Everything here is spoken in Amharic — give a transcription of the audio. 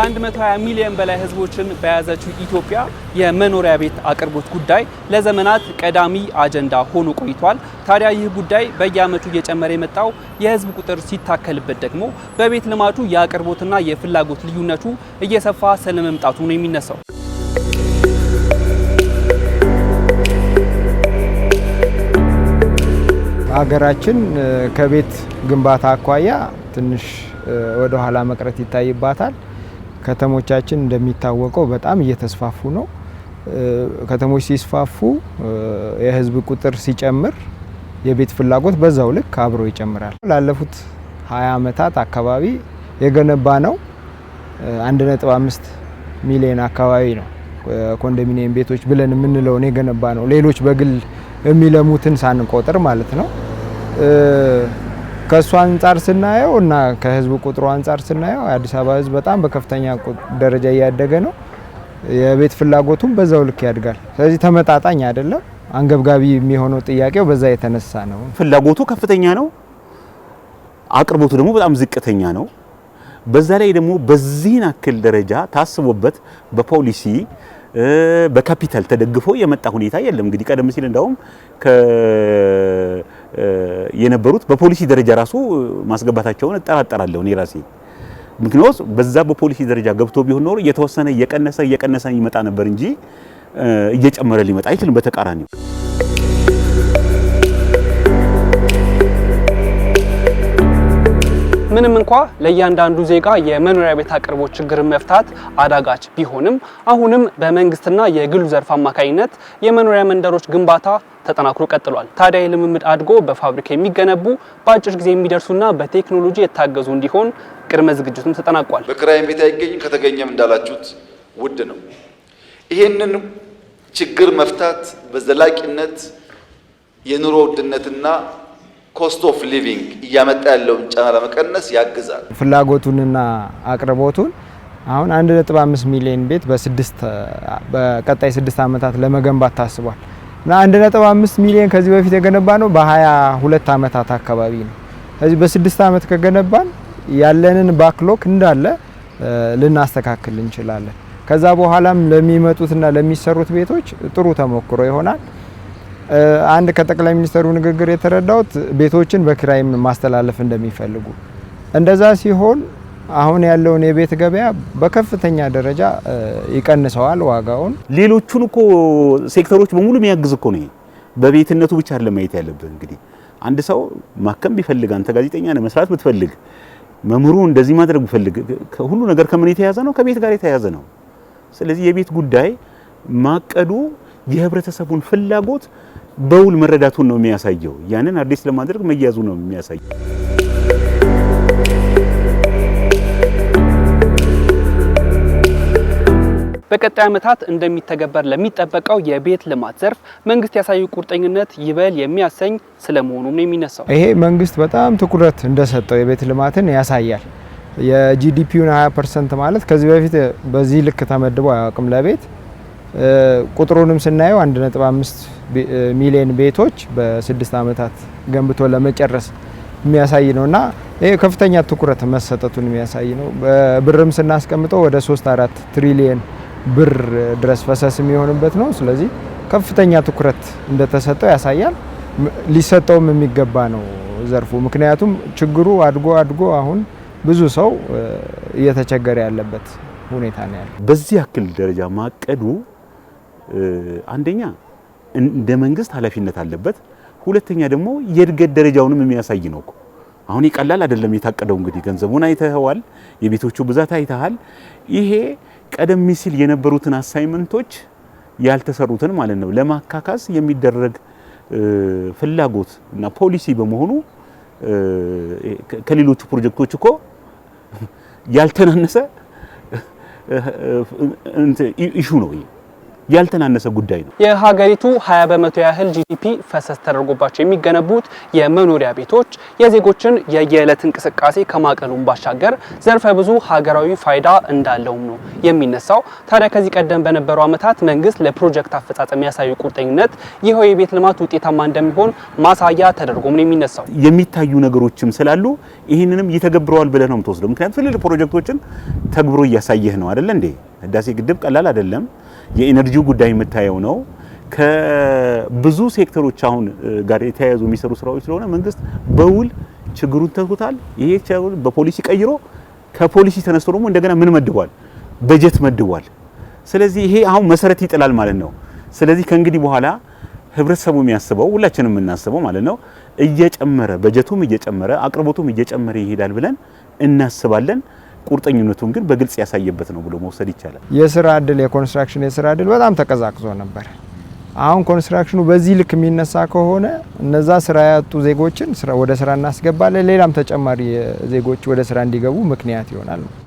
ከ120 ሚሊዮን በላይ ህዝቦችን በያዘችው ኢትዮጵያ የመኖሪያ ቤት አቅርቦት ጉዳይ ለዘመናት ቀዳሚ አጀንዳ ሆኖ ቆይቷል። ታዲያ ይህ ጉዳይ በየአመቱ እየጨመረ የመጣው የህዝብ ቁጥር ሲታከልበት ደግሞ በቤት ልማቱ የአቅርቦትና የፍላጎት ልዩነቱ እየሰፋ ስለመምጣቱ ነው የሚነሳው። ሀገራችን ከቤት ግንባታ አኳያ ትንሽ ወደ ኋላ መቅረት ይታይባታል። ከተሞቻችን እንደሚታወቀው በጣም እየተስፋፉ ነው። ከተሞች ሲስፋፉ የህዝብ ቁጥር ሲጨምር የቤት ፍላጎት በዛው ልክ አብሮ ይጨምራል። ላለፉት 20 ዓመታት አካባቢ የገነባ ነው 1.5 ሚሊዮን አካባቢ ነው ኮንዶሚኒየም ቤቶች ብለን የምንለውን የገነባ ነው። ሌሎች በግል የሚለሙትን ሳንቆጥር ማለት ነው። ከእሱ አንጻር ስናየው እና ከህዝብ ቁጥሩ አንጻር ስናየው የአዲስ አበባ ህዝብ በጣም በከፍተኛ ደረጃ እያደገ ነው። የቤት ፍላጎቱም በዛው ልክ ያድጋል። ስለዚህ ተመጣጣኝ አይደለም። አንገብጋቢ የሚሆነው ጥያቄው በዛ የተነሳ ነው። ፍላጎቱ ከፍተኛ ነው፣ አቅርቦቱ ደግሞ በጣም ዝቅተኛ ነው። በዛ ላይ ደግሞ በዚህን አክል ደረጃ ታስቦበት በፖሊሲ በካፒታል ተደግፎ የመጣ ሁኔታ የለም። እንግዲህ ቀደም ሲል እንዳውም የነበሩት በፖሊሲ ደረጃ ራሱ ማስገባታቸውን እጠራጠራለሁ እኔ ራሴ። ምክንያቱም በዛ በፖሊሲ ደረጃ ገብቶ ቢሆን ኖሮ እየተወሰነ እየቀነሰ እየቀነሰ ይመጣ ነበር እንጂ እየጨመረ ሊመጣ አይችልም። በተቃራኒው ምንም እንኳ ለእያንዳንዱ ዜጋ የመኖሪያ ቤት አቅርቦት ችግርን መፍታት አዳጋች ቢሆንም አሁንም በመንግስትና የግሉ ዘርፍ አማካኝነት የመኖሪያ መንደሮች ግንባታ ተጠናክሮ ቀጥሏል። ታዲያ የልምምድ አድጎ በፋብሪካ የሚገነቡ በአጭር ጊዜ የሚደርሱና በቴክኖሎጂ የታገዙ እንዲሆን ቅድመ ዝግጅቱም ተጠናቋል። በክራይ ቤት አይገኝም፣ ከተገኘም እንዳላችሁት ውድ ነው። ይህንን ችግር መፍታት በዘላቂነት የኑሮ ውድነትና ኮስት ኦፍ ሊቪንግ እያመጣ ያለውን ጫና ለመቀነስ ያግዛል። ፍላጎቱንና አቅርቦቱን አሁን 1.5 ሚሊዮን ቤት በስድስት በቀጣይ ስድስት ዓመታት ለመገንባት ታስቧል እና 1.5 ሚሊዮን ከዚህ በፊት የገነባ ነው በ22 ዓመታት አካባቢ ነው። ከዚህ በስድስት ዓመት ከገነባን ያለንን ባክሎክ እንዳለ ልናስተካክል እንችላለን። ከዛ በኋላም ለሚመጡትና ለሚሰሩት ቤቶች ጥሩ ተሞክሮ ይሆናል። አንድ ከጠቅላይ ሚኒስትሩ ንግግር የተረዳሁት ቤቶችን በክራይም ማስተላለፍ እንደሚፈልጉ እንደዛ ሲሆን አሁን ያለውን የቤት ገበያ በከፍተኛ ደረጃ ይቀንሰዋል ዋጋውን። ሌሎቹን እኮ ሴክተሮች በሙሉ የሚያግዝ እኮ ነው። በቤትነቱ ብቻ አይደለም ማየት ያለብህ። እንግዲህ አንድ ሰው ማከም ቢፈልግ፣ አንተ ጋዜጠኛ ነህ መስራት ብትፈልግ፣ መምህሩ እንደዚህ ማድረግ ብፈልግ፣ ሁሉ ነገር ከምን የተያዘ ነው? ከቤት ጋር የተያዘ ነው። ስለዚህ የቤት ጉዳይ ማቀዱ የህብረተሰቡን ፍላጎት በውል መረዳቱን ነው የሚያሳየው። ያንን አዲስ ለማድረግ መያዙ ነው የሚያሳየው። በቀጣይ ዓመታት እንደሚተገበር ለሚጠበቀው የቤት ልማት ዘርፍ መንግስት ያሳዩ ቁርጠኝነት ይበል የሚያሰኝ ስለመሆኑም ነው የሚነሳው። ይሄ መንግስት በጣም ትኩረት እንደሰጠው የቤት ልማትን ያሳያል። የጂዲፒውን 20 ፐርሰንት ማለት ከዚህ በፊት በዚህ ልክ ተመድቦ አያውቅም ለቤት ቁጥሩንም ስናየው 1.5 ሚሊዮን ቤቶች በስድስት ዓመታት ገንብቶ ለመጨረስ የሚያሳይ ነውና ይህ ከፍተኛ ትኩረት መሰጠቱን የሚያሳይ ነው። በብርም ስናስቀምጠው ወደ ሶስት አራት ትሪሊየን ብር ድረስ ፈሰስ የሚሆንበት ነው። ስለዚህ ከፍተኛ ትኩረት እንደተሰጠው ያሳያል። ሊሰጠውም የሚገባ ነው ዘርፉ። ምክንያቱም ችግሩ አድጎ አድጎ አሁን ብዙ ሰው እየተቸገረ ያለበት ሁኔታ ነው ያለ። በዚህ ያክል ደረጃ ማቀዱ አንደኛ እንደ መንግስት ኃላፊነት አለበት። ሁለተኛ ደግሞ የእድገት ደረጃውንም የሚያሳይ ነው እኮ አሁን ይቀላል አይደለም የታቀደው። እንግዲህ ገንዘቡን አይተኸዋል፣ የቤቶቹ ብዛት አይተሃል። ይሄ ቀደም ሲል የነበሩትን አሳይመንቶች ያልተሰሩትን ማለት ነው ለማካካስ የሚደረግ ፍላጎት እና ፖሊሲ በመሆኑ ከሌሎቹ ፕሮጀክቶች እኮ ያልተናነሰ ኢሹ ነው ይሄ። ያልተናነሰ ጉዳይ ነው። የሀገሪቱ 20 በመቶ ያህል ጂዲፒ ፈሰስ ተደርጎባቸው የሚገነቡት የመኖሪያ ቤቶች የዜጎችን የየዕለት እንቅስቃሴ ከማቀሉም ባሻገር ዘርፈ ብዙ ሀገራዊ ፋይዳ እንዳለውም ነው የሚነሳው። ታዲያ ከዚህ ቀደም በነበሩ ዓመታት መንግስት ለፕሮጀክት አፈጻጸም ያሳዩ ቁርጠኝነት ይኸው የቤት ልማት ውጤታማ እንደሚሆን ማሳያ ተደርጎም ነው የሚነሳው። የሚታዩ ነገሮችም ስላሉ ይህንንም ይተገብረዋል ብለህ ነው የምትወስደው። ምክንያቱም ትልልቅ ፕሮጀክቶችን ተግብሮ እያሳየህ ነው አደለ እንዴ? ህዳሴ ግድብ ቀላል አይደለም። የኢነርጂ ጉዳይ የምታየው ነው። ከብዙ ሴክተሮች አሁን ጋር የተያያዙ የሚሰሩ ስራዎች ስለሆነ መንግስት በውል ችግሩን ተቶታል። ይሄ ችግሩ በፖሊሲ ቀይሮ ከፖሊሲ ተነስቶ ደግሞ እንደገና ምን መድቧል? በጀት መድቧል። ስለዚህ ይሄ አሁን መሰረት ይጥላል ማለት ነው። ስለዚህ ከእንግዲህ በኋላ ህብረተሰቡ የሚያስበው ሁላችንም የምናስበው ማለት ነው እየጨመረ በጀቱም እየጨመረ አቅርቦቱም እየጨመረ ይሄዳል ብለን እናስባለን። ቁርጠኝነቱን ግን በግልጽ ያሳየበት ነው ብሎ መውሰድ ይቻላል። የስራ እድል የኮንስትራክሽን የስራ እድል በጣም ተቀዛቅዞ ነበር። አሁን ኮንስትራክሽኑ በዚህ ልክ የሚነሳ ከሆነ እነዛ ስራ ያጡ ዜጎችን ወደ ስራ እናስገባለን፣ ሌላም ተጨማሪ ዜጎች ወደ ስራ እንዲገቡ ምክንያት ይሆናል ነው።